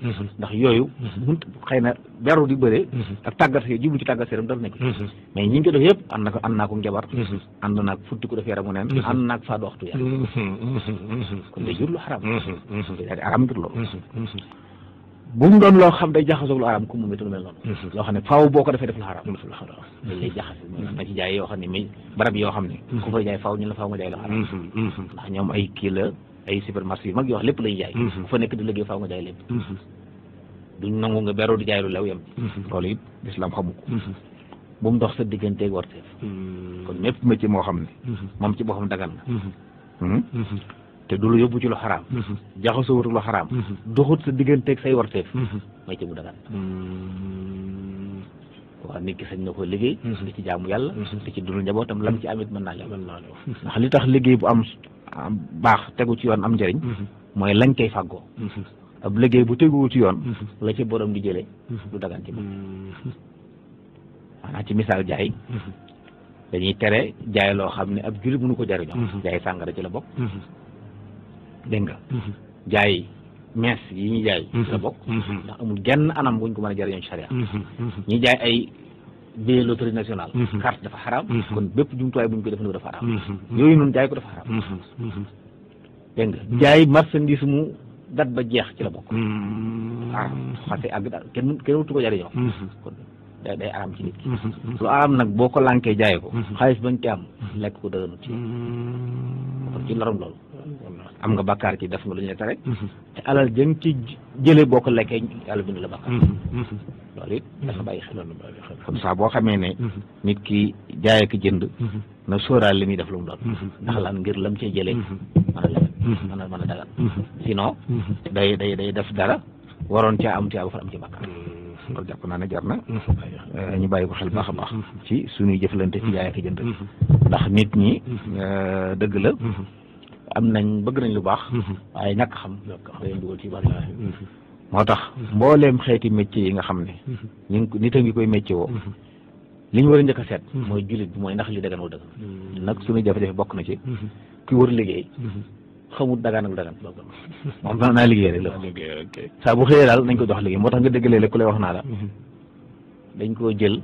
mm-hmm. ndax yooyu. mënut xëy na beru di bëree. ak tàggat yi jublu ci tàggat yaram dara nekk. mais ñi ngi ko def yëpp ànd na ko ànd naa ko njabar. ànd naag futti ko def yaramu neen. ànd naag faa doxtu yàlla. kon day jur lu xaraam. day daal di araam ngir loolu. bu mu doon loo xam day jaxasoo lu araam ku mu métti lu mel noonu. Mm-hmm. loo xam ne faaw boo ko defee def lu xaraam. def (laughs) mm-hmm. ci jaay yoo xam ne mi barab mm-hmm. jaay la faaw nga jaay lu xaraam. ndax ñoom ay la ay supermarché yu mag yoo xam lépp lay jaay. ku fa nekk di liggéey faaw nga jaay lépp. duñ nangu nga beroo di jaay lu lew yem. loolu it lislaam xamu bu mu dox sa digganteeg warteef. kon mépp moo xam ne. moom ci boo xam dagan na. Hmm? te du lu yóbbu ci lu xaraam mm-hmm. jaxasoo wut lu xaraam mm-hmm. doxut sa digganteeg say warteef mm-hmm. may ci mu dagan waaw nit ki sañ na ko liggéey di ci jaamu yàlla di ci dundal njabootam ci amit mën naa lekk ndax li tax liggéey bu am baax tegu ci yoon am njariñ mooy lañ koy fàggoo ab liggéey bu teguwu ci yoon la ci boroom di jëlee du dagan ci moom maanaam ci misaal jaay dañuy tere jaay loo xam ne ab jullit mënu ko jariñoo jaay sàngara ci la bokk dégg nga mhm. jaay mees yi ñu jaay ci la mhm. bokk mhm. ndax amul genn anam buñ ko mën a jëriñoo ci ñu ñi jaay ay billet loterie nationale carte dafa xaraam kon bépp jumtuwaay buñ ko def dafa xaraam yooyu noonu jaay ko dafa xaraam dégg ba jeex ci la bokk xaraam parce que kenn kenn wutu ko jëriñoo kon day day aram ci nit ki lu aram nag boo ko lànkee jaay ko xaalis bañ ci am lekk ko dëgënu ci kon ci lorom loolu am nga bakkaar ci def nga lu ñu la tere mm-hmm. te alal jën ci jële boo ko lekkee yàlla bind la bakkaar mm-hmm. Mm-hmm. loolu it dafa bàyyi xel loolu comme ça boo xamee ne nit ki jaay ak jënd na sóoraal li muy def lu mu doon ndax lan ngir lam cee jëlee mën a a mën a dagal sinon day day day def dara waroon caa am tiyaaba far am ci bakkaar loolu jàpp naa ne jar na euh, ñu bàyyi ko xel baax a baax ci suñuy jëflante ci jaay ak jënd ndax nit ñi euh, dëgg la am nañ bëgg nañ lu baax. Mm-hmm. waaye ñàkk xam. ñàkk xam day dugal ci wallaahi. Mm-hmm. moo tax mm-hmm. mbooleem xeeti métier yi nga xam ne. nit a ngi koy métier li ñu war a njëkk a seet. mooy jullit bi mooy ndax li dagan woo dagan. nag suñu jafe-jafe bokk na ci. ki war a liggéey. xamul dagaan ak dagaan. (laughs) moom dana naa liggéey rek la. liggéey rek saa bu xëyee daal nañ ko a liggéey moo tax nga dégg léeg-léeg ku lay wax naa la. dañ koo jël.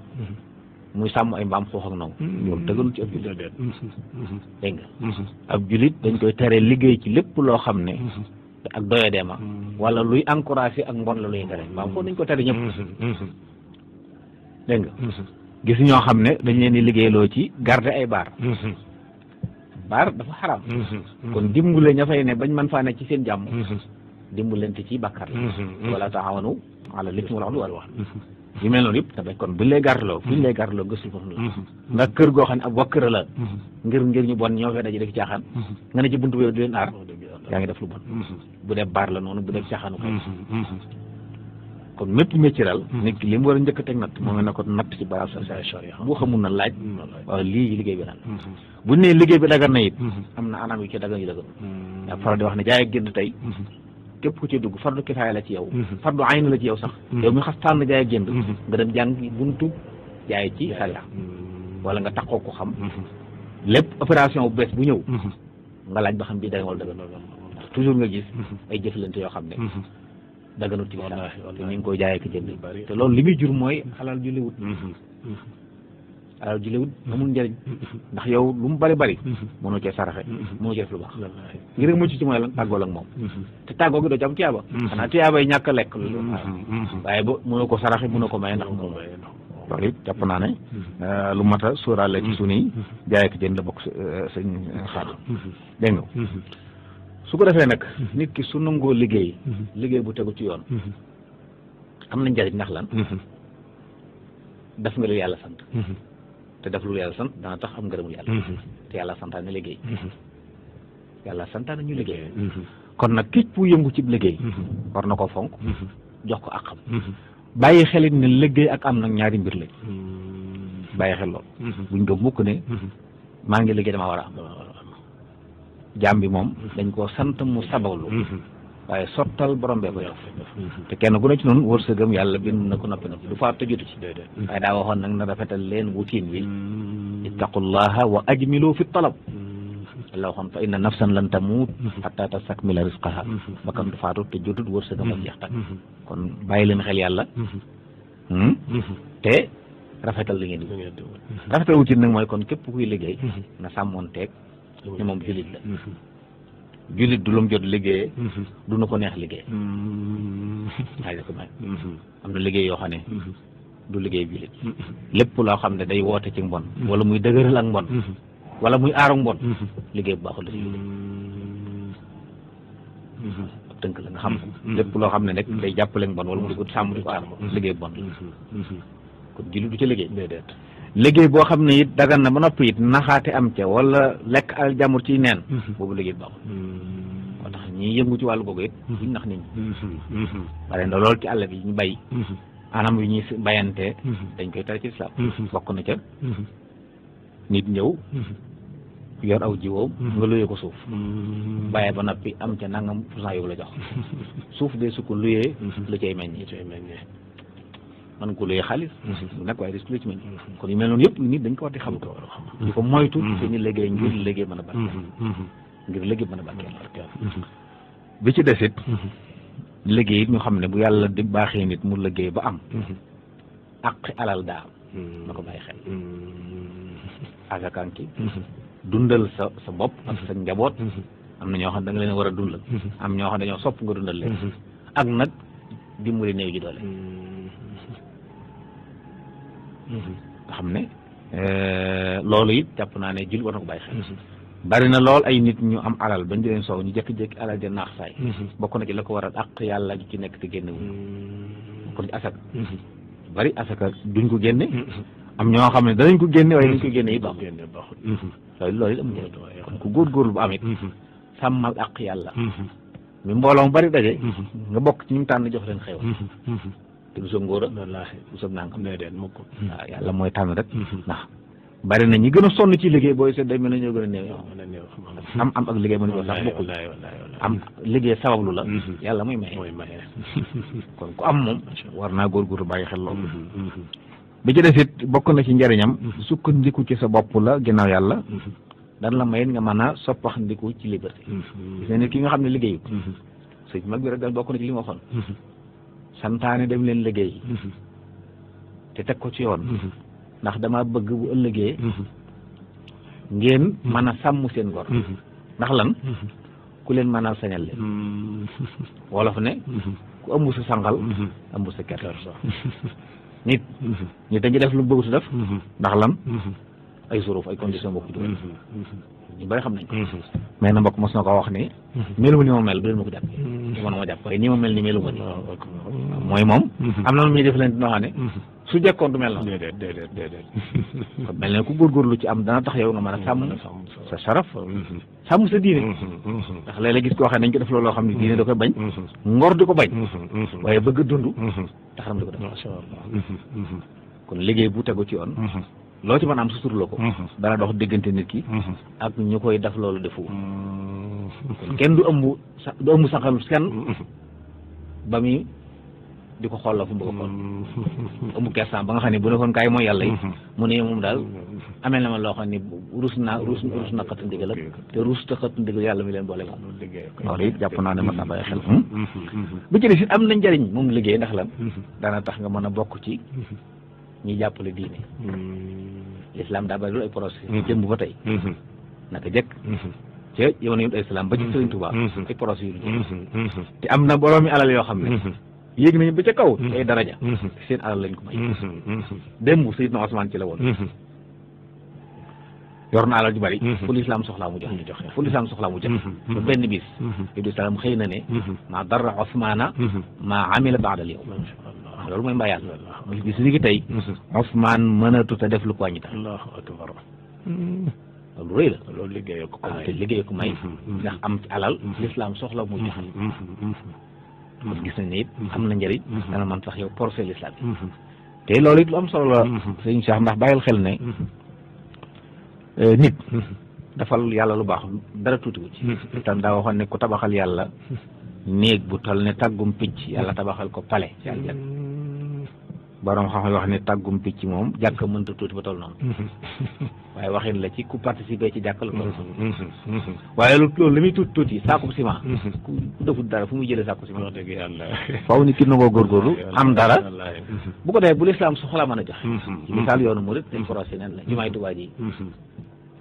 muy sàmm ay mbaam xoox ak nangu. Mm-hmm. loolu dëggalul ci mm-hmm. Mm-hmm. ab jullit. dañ koy tere liggéey ci lépp loo xam ne. ak doyadeema. wala luy encouragé ak mbon la luy tere mbaam xoox dañ ko tere ñëpp. dégg gis ñoo xam ne dañ leen di liggéeyloo ci garder ay baar. baar dafa xaram. kon dimbule ña fay ne bañ mën faa ne ci seen jàmm. dimbalante ci bàkkar la. wala taxawanu. wala li ci mu lu war wax. yu mel noonu yëpp tamit kon buñ lay garloo buñ lay garloo gëstu foofu la nga kër goo xam la ngir ngir ñu bon ñoo fee daje def caaxaan nga ne ci buntu boobu di leen aar yaa ngi ko kon mépp métier daal nit a a ne am na anam yu ci dagan yu dagan daa faral di wax ne jaay ak tey képp ku ci dugg fardu kifaaya la ci yow mhm. fardu ayn la ci yow sax mhm. yow mi xas tànn jaay jënd mhm. nga dem jàng buntu jaay ci sariya wala nga taxoo ko xam lépp opération bu bees bu ñëw nga laaj ba xam bii day wala dëgg ndax toujours nga gis ay jëflante yoo xam ne daganut ci te ñu ngi koy jaayee ko jënd te loolu li muy jur mooy xalaal julliwut alal ji léwut amul njëriñ ndax yow lu mu bari bari mënoo cee saraxe mënoo cee def lu baax ngir mucc ci mooy lan tàggoo ak moom te tàggoo gi doo ci am tiyaaba xanaa tiyaabay ñàkk a lekk loolu waaye ba mënoo ko saraxe ko maye ndax mënoo loolu it jàpp naa ne euh, lu mat a sóoraale ci sunuy jaay ak jënd la bokk euh, sëñ xaar su ko defee nag nit ki su nangoo liggéey liggéey bu tegu ci yoon am na njëriñ ndax lan daf nga lu yàlla sant te def lu yàlla sant dana tax am ngërëmul yàlla mm-hmm. te yàlla santaane liggéey mm-hmm. yàlla santaane ñu liggéey mm-hmm. kon nag képp ku yëngu ci liggéey war na ko fonk jox ko àqam bàyyi xelit ne liggéey ak am nag ñaari mbir lañ bàyyi xel lool buñ ko mukk ne maa ngi liggéey dama war a am jaam bi moom dañ koo sant mu sabablu waaye sottal borom bee ko kenn ku ne ci noonu wërsëgam yàlla bind na ko noppi noppi du faatu te jotu waaye daa waxoon nag na rafetal leen wutiin wi mm. ittaqullaha wa ajmilu fi talab mm. la waxoon fa inna nafsan lan tamuut xatta mm. tastakmila risqaha bakkan du faatu te jotut wërsëgam ak jeex tak kon bàyyi leen xel yàlla hmm? te rafetal li ngeen di rafetal wutiin nag mooy kon képp kuy liggéey na sàmmoon teeg ne moom julit la jullit du lu jot liggéey mm-hmm. du nu ko neex liggéey. Mm-hmm. Mm-hmm. am na liggéey yoo xam ne. du liggéey jullit. lépp loo xam ne day woote ci mbon. wala muy dëgëral ak mbon. wala muy aaru mbon. liggéey bu baaxul la ci jullit. ak tënk la xam ne. lépp loo xam ne rek day jàppale mbon wala mu di ko sàmm di ci liggéey. déedéet. liggéey boo xam ne it dagan na ba noppi it naxaate am ca wala lekk al jàmbur ciy neen mhm. boobu liggéey bi baaxul mhm. moo tax ñiy yëngu ci wàllu googu it buñ mhm. na loolu ci àll bi ñu bay anam yu ñuy bayante dañ koy tere ci islam bokk ca nit ñëw yor aw jiwoom nga luyee ko suuf bàyyi ba noppi am ca nangam pourcent yóbbu la jox (laughs) suuf dee su ko luyee lu cay meññ man ko lay xaalis mm-hmm. lu nekk waaye risque la ci mel kon mel noonu yëpp nit dañ ko war di xam ko war a xam di ko moytu mm-hmm. seeni liggéey mm-hmm. ngir liggéey mën a barkeel ngir liggéey mën a bi ci desit liggéey it ñu xam ne bu yàlla di baaxee nit mu liggéey ba am aqi alal daa am na ko bàyyi xel agakanki dundal sa sa bopp ak sa njaboot am na ñoo xam ne da leen war a dundal am ñoo xam dañoo sopp nga dundal leen ak nag dimbali néew ji doole nga xam ne euh, loolu it jàpp naa ne jullit war na ko bàyyi xel mhm. bari na lool ay nit ñu am alal bañ di leen soow ñu jékki-jékki alal ja naax saay mhm. bokk na ci la ko waral ak yàlla ji ci nekk te génne wuñ mm. bokk na ci asaka mhm. bari asaka duñ ko génne am ñoo xam ne danañ ko génne waaye dañ ko génne yi baaxul loolu loolu it am njëriñ kon ku góorgóorlu bu amit sàmmal ak yàlla mi mbooloo mu bari daje nga bokk ci ñu mu tànn jox leen xewal te du sa ngóor a du sa nàngam mukk hmm. waaw yàlla mooy tànn rek hmm. ndax bari na ñi gën a sonn ci liggéey booy seet day mel ne ñoo gën a hmm. am ak liggéey mën ko sax bokkul am liggéey sabablu la yàlla muy maye (laughs) kon ku am moom war naa góorgóorlu bàyyi xel loolu bi ci des it bokk na ci njariñam sukkandiku ci sa bopp la ginnaaw yàlla dan la mayit nga mën a soppax ndiku ci liberté gis ne nit ki nga xam ne liggéeyu sëñ mag bi rek dal bokk na ci li ma waxoon santaane dem leen liggéey mm-hmm. te teg ko ci yoon mm-hmm. ndax damaa bëgg bu ëllëgee mm-hmm. ngeen mën a sàmm seen gor ndax lan ku leen mën a sañal leen wolof ne ku ëmb sa sangal ëmb sa kerte nit ñi dañuy def lu bëgg su def ndax lan ay suruuf ay condition bokk jugal mm-hmm. mm-hmm. ñu mm-hmm. ni ma ni ma mel bu leen ma ko jàppee man ma jàpp waaye nii ma mel ni melu ma ni mooy moom am na lu muy def leen dinoo xam su jekkoon du mel noonu déedéet déedéet déedéet (laughs) mel ne ku góorgóorlu ci am dana tax yow nga mën a sàmm sa saraf sàmm sa diine ndax léeg-léeg gis koo xam dañ ko def loolu loo xam ne diine da koy bañ ngor di ko bañ waaye bëgg a dund taxaram di ko def kon liggéey bu tegu ci yoon loo ci mën a am suturloo ko. Mhm. dana dox diggante nit ki. Mhm. ak ñu koy def loolu defu mhm. kon kenn du ëmb sax du ëmb sax kenn ba muy di ko xool la fu mu bëgg a xool. ëmb ba nga xam ne bu nekkoon kaay mooy yàlla yi. mu ne moom daal amee na ma loo xam ne ruus naa ruus ruus na xat ndigal ak te ruus te xat ndigal yàlla mi leen boole ma. loolu jàpp naa ne mën naa bàyyi xel. bu ci des am na njëriñ moom liggéey ndax lan. daana tax nga mën a bokk ci. ñuy jàppale diine hmm. lislaam daa bari loolu ay procès ñu hmm. jëm ba tey hmm. a jëkk ca yoonu yëpp ay islam ba ci Sëriñ Tuubaa ay procès yu te am na boroomi alal yoo xam ne yéeg nañu ba ca kaw ay daraja seen alal lañ ko may démb Seydina Osmaan ci la woon yor na alal ju bari fu lislaam soxlaa mu jox ñu jox fu lislaam soxlaa mu jox ba benn bis ibnu salaam xëy na ne maa darra Osmaana maa amila baadal yow loolu mooy mbayaat loolu mu gis ni ki tey Ousmane mënatut a def lu ko wàññi tax allahu akbar loolu rëy la loolu liggéey ko may liggéey ko may mm-hmm, mm-hmm. ndax am ci alal mm-hmm. lislaam soxla muy tax parce que gis nañ ne am na njariñ dana man sax yow porcé lislaam yi te loolu it lu am solo la si Cheikh ndax bàyyil xel ne e, nit dafal yàlla lu baax dara tuutiwu ci tam daa waxoon ne ku tabaxal yàlla néeg bu toll ne tàggum picc yàlla tabaxal ko pale ci aljan borom xam-xam wax ne tàggum picc moom jàkk mënta tuuti ba toll noonu. (laughs) waaye waxin la ci ku participer ci jàkk la toll noonu. (laughs) waaye loolu la muy tuuti tuuti saakub ciment. (laughs) ku defut dara fu muy jëlee saakub ciment. wax dëgg yàlla. faaw ni ki am dara. bu ko defee bu lislaam soxla mën a joxe. ci misaal yoonu murit. dañ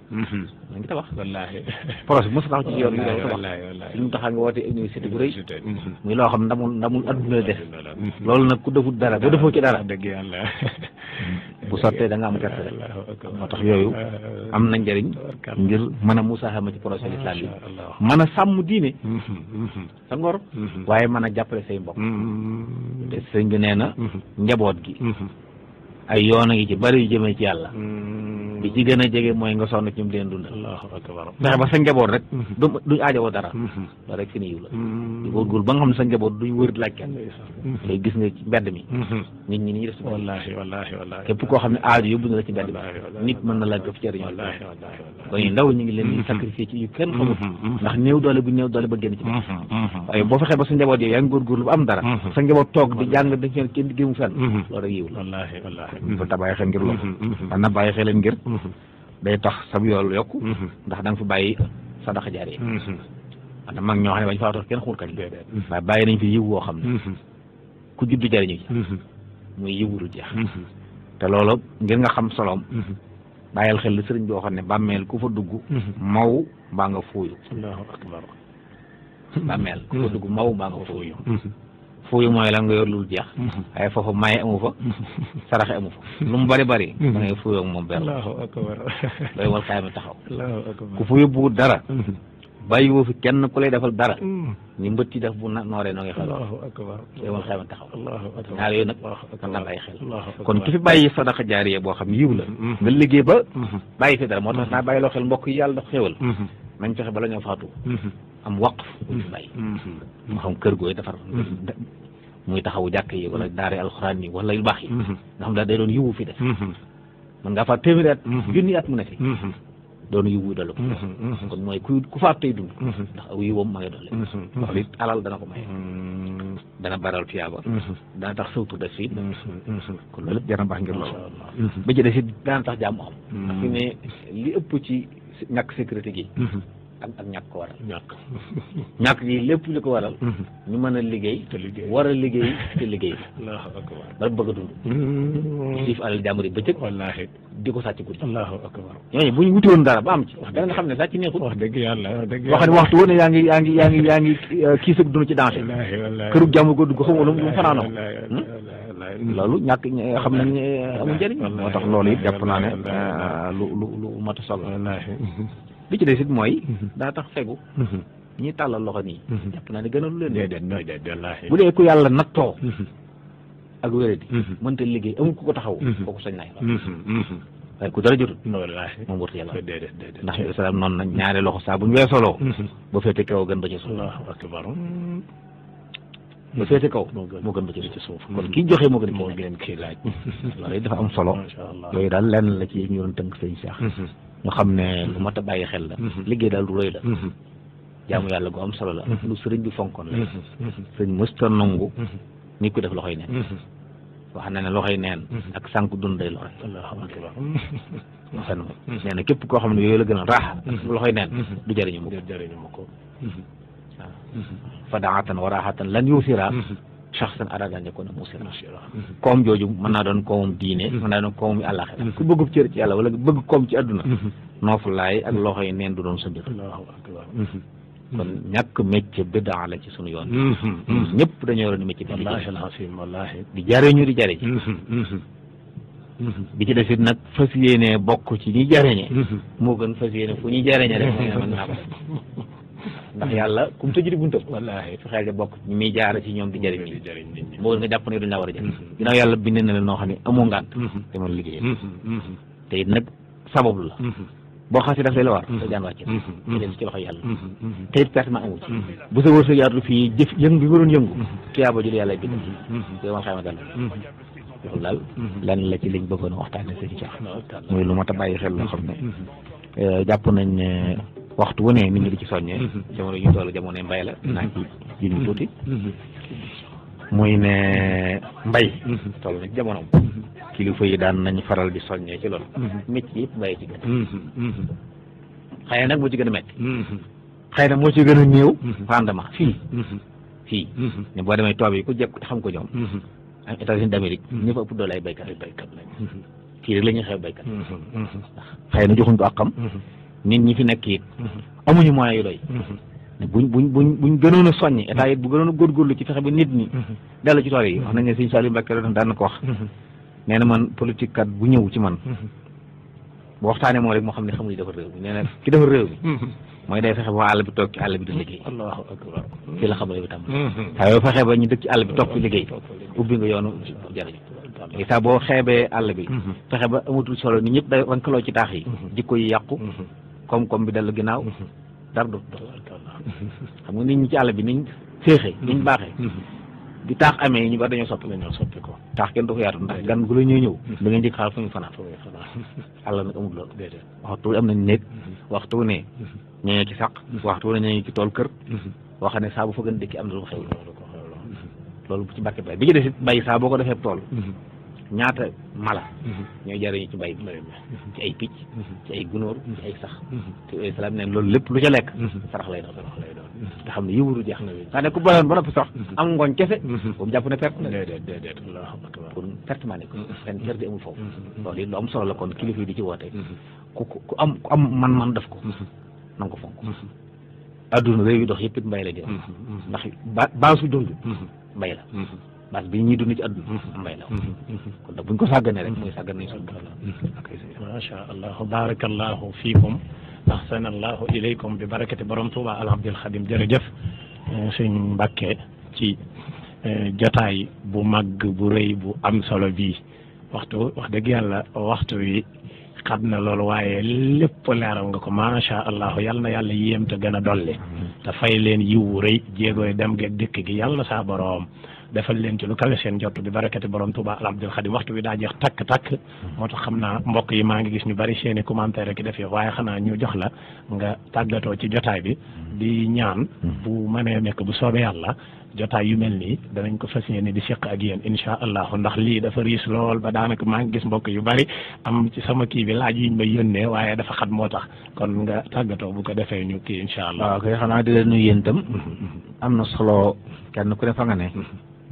maa ngi tabax wallaahi projet bi mos taxaw ci yoon yi dafa tabax suñu taxaw nga woote université bu rëy muy loo xam ndamul ndamul adduna def loolu nag ku defut dara ba defoo ci dara dëgg yàlla bu sottee da nga am gerte moo tax yooyu am na njëriñ ngir mën a musaahama ci projet l'islam bi mën a sàmm diine sa ngor waaye mën a jàppale say mbokk te sëñ bi nee na njaboot gi mm-hmm. ay yoon a ngi ci bari yu jëmee ci yàlla mm. bi ci gën a jege mooy nga sonn ci mu leen dundal allahu akbar ndax ba sa njaboot rek mm-hmm. du duñ aajowoo dara da mm-hmm. rek fi ni yiw la mm-hmm. di ba nga xam ne sa njaboot duñ wër laaj ci mbedd mi nit ñi képp koo xam ne aajo yóbbu na la ci mbedd mi nit mën na la gëf jëriñ kon yu ndaw ñu ngi leen di sacrifié ci yu kenn xamul ndax néew doole bu néew doole ba génn ci waaye boo fexee ba sa njaboot yaa ngi góorgóorlu ba am dara sa njaboot toog di jàng dañ kenn kenn di gému fenn loolu rek yiw la il faut ta bàyyi xel ngir loolu man mm-hmm, mm-hmm. na bàyyi xel ngir mm-hmm. day tax sab yool yokk ndax da nga fi bàyyi sadaxa jaar yi am na mag ñoo xam ne bañ faatoor kenn xuur bàyyi nañ fi yiw woo xam ne ku juddu jariñu ji muy yiwuru jeex te loolu ngir nga xam soloom bàyyil xel li sëriñ bi waxoon ne bàmmeel ku fa dugg maw mbaa nga fuuyu allahu akbar bàmmeel ku fa dugg maw mbaa nga fuuyu fuuyu mooy lan nga yor lul jeex mm-hmm. waaye foofu maye amu fa saraxe amu fa mm-hmm. lu mu bëri bëri mm-hmm. da ngay moom benn allahu akbar loolu taxaw ku fuuyu bu dara bàyyi woo fi kenn ku lay defal dara ni mbët yi def bu nooree noo ngi xel loolu wal xayma taxaw ñaar yooyu nag nga dal ay xel kon ki fi bàyyi sadaqa jaariya boo xam yiw la nga liggéey ba bàyyi fi dara moo tax naa bàyyi loo xel mbokk yi yàlla dafa nañ fexe bala ñoo faatu. Mm-hmm. am waqf. bu ñu bàyyi. moo mm-hmm. xam kër gooy defar. Mm-hmm. muy taxawu jàkk yi wala daare alxuraan yi wala yu baax yi. nga xam daal day doon yiwu fi def. mën ngaa faat téeméeri at. junni at mu ne fi. doon yiwu dalu ko. kon mooy ku ku faat tey dund. ndax aw yiwam ma ngi doole. loolu it alal dana ko maye. dana baral tuyaaba. dana tax sawtu des fi. kon loolu lépp jar na baax ngir lool. ba ci des it dana tax jàmm am. li ëpp ci. ñàkk sécurité gi. Mm-hmm. ak ak ñàkk ko waral. ñàkk (laughs) ñàkk gi lépp li ko waral. Mm-hmm. ñu mën a liggéey. te liggéey war a liggéey te liggéey. (laughs) allahu akbar ba bëgg a dund. siif alal jàmbur yi bëccëg. di ko sàcc guddi. allahu akbar ñooñu bu ñu wuti woon dara ba am ci. wax dëgg nga xam ne sàcc neexul. wax dëgg yàlla wax dëgg yàlla wax waxtu woon ne yaa ngi yaa ngi yaa ngi yaa ngi euh, kii sa dund ci dansé. wallaahi wallaahi këru jàmbur ko dugg xamulum lu mu fanaanoo. loolu ñàkk eh, xam nañ eh, amul njëriñ moo tax loolu it jàpp naa ne eh, lu lu lu mat a sol li ci des it mooy mm-hmm. daa tax fegu mm-hmm. ñi tàllal loxo nii mm-hmm. jàpp naa ne gën a lu leen bu dee ku yàlla nattoo ak wéradi mënta liggéey amul ku ko taxaw ko sañ naay waaye ku dara jotul moom wërta yàlla ndax salaam noonu na ñaari loxo saa bu ñu weesoloo ba féete kaw gën ba ci sol nga féete kaw moo gën ba ci suuf kon kii joxe moo gën moo kii laaj loolu dafa am solo yooyu daal lenn la ci ñu doon tënk sëñ Cheikh nga xam ne lu mat a bàyyi xel la liggéey daal du rëy la jaamu yàlla gu am solo la lu sëriñ bi fonkoon la sëriñ mësta nangu nit ku def yi neen wax na ne loxoy neen ak sànq dund day lore waxen moom nee na képp koo xam ne yooyu la gën a raax loxoy neen du jëriñu mukk fadaatan waraxatan lan yusira mhm. shaxsan arada an yakuna musira mhm. koom jooju mën naa doon koomum diine mhm. mën naa doon koomum àllaxira ku bëggub cër ci yàlla wala bëgg koom ci àdduna noofulaay ak loxo yi neen du doon sa mbir kon ñàkk métier bidaa la ci sunu yoon ñëpp dañoo yoroon métier bi di jariñu di jariñ bi ci des it nag fas yéene bokk ci ñi jariñe moo gën fas yéene fu ñi jariñe rek (laughs) mën naa ko ndax yàlla kum tëj di buntam wallaahi fexeel di bokk ñu muy a ci ñoom di jëriñ ñi moo nga jàpp ne la war a jëriñ mm-hmm. ginnaaw yàlla bind na la noo xam ne amoo ngànt mm-hmm. te mën liggéey mm-hmm. te it nag sabab la boo xasee daf lay la war sa jaan wàcc leen ci loxo yàlla te it sa ci liñ bëggoon lu mat a bàyyi xel loo xam ne eh, jàpp nañ waxtu wu ne nit ñi di ci soññee. Mm-hmm. jamono ñu toll jamono mbay la. naa ci jiw tuuti. Mm-hmm. muy ne mbay. Mm-hmm. toll na jamonoom. kilifa yi daan nañ faral di soññee ci loolu. métti yëpp mbay ci gën. xëy na nag moo ci gën a métti. xëy na moo ci gën a néew. rendement fii. fii ne boo demee tool yi ku jëkk xam ko ñoom. am États-Unis d'Amérique. ñi fa ëpp doole ay béykat ay béykat lañ. fii rek la xew béykat. ndax na joxuñ ko àqam. nit ñi fi nekk it mm-hmm. amuñu moyens yu bu mm-hmm. bu buñ buñ buñ gënoon a soññ état mm-hmm. it bu gënoon a góorgóorlu ci fexe ba nit ñi dellu ci tool yi wax nañ ne sëñ Saliou Mbacké daan na ko wax nee na man politique kat bu ñëw ci man bu waxtaanee moom rek moo xam ne xamul defar réew mi ki defar réew mi mooy day fexe ba àll bi toog ci àll bi di liggéey allahu akbar ci la xam réew bi tam ñu dëkk ci bi toog ci liggéey ubbi nga yoonu jariñu léegi saa boo xeebee àll bi fexe ba amatul solo ni ñëpp day rankaloo ci taax yi jikko yi yàqu koom-koom bi dellu ginnaaw mhm. dara du (laughs) xam nga nit ñi ci àll bi niñ féexee mhm. niñ baaxee bi mhm. taax amee ñu bari dañoo soppi dañoo soppi ko taax kenn du ko yaatu ndax gan gu la ñuy ñëw da nga njëkk xaar fu ñu fanaan (laughs) àll nag amul loolu déedéet waxtu am nañ néeg waxtu ne ñoo ngi ci sàq waxtu ne ñoo ngi ci tool kër waxa ne saa bu fa gën dëkki am na lu xew loolu bu ci barke bi bi ci des it ko defee tool ñaata mala mhm. ñooy jëriñu ci mbay bi ci ay picc mhm. ci ay gunóor mhm. ci ay sax te salaam ne loolu lépp lu ca lekk sarax lay doon sarax lay doon te xam ne yiwuru jeex na wi ne ku baloon ba noppi sax am ngooñ kese boobu jàpp ne perte na déedéet pour perte maa nekk ren perte amul foofu loolu it lu am solo la kon kilifa yi di ci woote ku ku am ku am man-man def ko na nga ko fonk adduna réew yi dox yëpp it mbay la jëm ndax baasu dund mbay la bas bii ñuy dund ci àdduna mm-hmm. Mm-hmm. mbay la mm-hmm. kon nag buñ ko sàgganee rek mooy sàggan nañ suñ borom ma sha allahu barakallahu fiikum ahsanallahu ilaykum bi barakati borom tuuba alabdil xadim jërëjëf eh, sëñ Mbàkke ci eh, jotaay bu màgg bu rëy bu am solo bii waxtu wax dëgg yàlla waxtu yi xat na loolu waaye lépp leeral nga ko macha allah yal na yàlla yéem te gën a dolli te fay leen yiw wu rëy jéegooy dem geeg dëkk gi yàlla saa boroom defal leen ci lu kawe seen jot bi barakati borom Touba al Abdul Xadim waxtu bi daa jeex takk takk moo tax xam naa mbokk yi maa ngi gis ñu bari seeni commentaire ki def yow waaye xanaa ñu jox la nga tàggatoo ci jotaay bi di ñaan bu mënee nekk bu soobee yàlla jotaay yu mel nii danañ ko fas yéene di seq ak yéen incha allahu ndax lii dafa riis lool ba daanaka maa ngi gis mbokk yu bari am ci sama kii bi laaj yi ñu may yónnee waaye dafa xat moo tax kon nga tàggatoo bu ko defee ñu kii incha allah. waaw kay xanaa di leen nuyu yéen itam (laughs) am na solo kenn ku defa nga ne.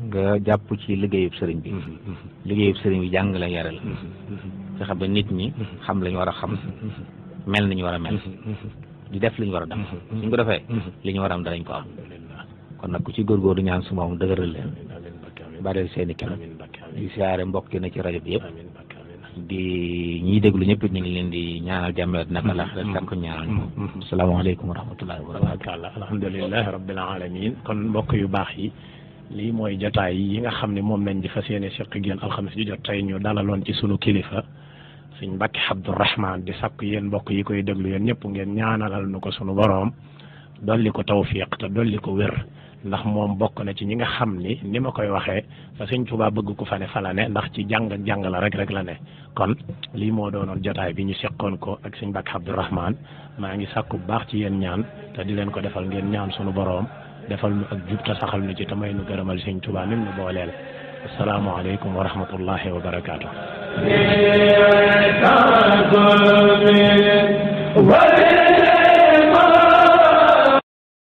nga japp ci liggéeyub sëriñ bi mm-hmm, mm-hmm. liggéeyub sëriñ bi jàng la yaral la fexe ba nit ñi mm-hmm. xam lañu war a xam mel nañu war a mel di def liñu war a def suñ ko defee li ñu war a am danañ ko am kon nag ku ci góorgóorlu ñaan su moom dëgëral leen bareel seeni i di siyaare mbokk na ci rajo bi yëpp di ñiy déglu ñëpp ñu ngi leen di ñaanal jàmmeet naka la xel ko ñaanal ñu salaamaaleykum wa rahmatullahi wa barakatuh alhamdulillahi rabbil alamin kon mbokk yu baax yi li moy jotaay yi nga xamne mom lañ di fasiyene cheikh seq yéen alxames ju jot tay ñu dalaloon ci sunu kilifa suñ mbakki abdourahman di sakku yeen bokk yi koy deglu yeen ñepp ngeen ñaanalal nuko sunu borom dolli ko tawfiq ta dolli ko ndax mom bokk na ci ñi nga xam nima koy waxe fa señ tuba bëgg ku fa ne fa la ne ndax ci jang jang la rek rek la ne kon lii moo doonoon jotaay bi ñu sekkon ko ak sëñ Mbàkke Abdourahman ma ngi sakku baax ci yeen ñaan ta di leen ko defal ngeen ñaan sunu borom دفعل جبت سخل من جتمين وقرم الشين تبانين وبوليل السلام عليكم ورحمة الله وبركاته ترجمة نانسي قنقر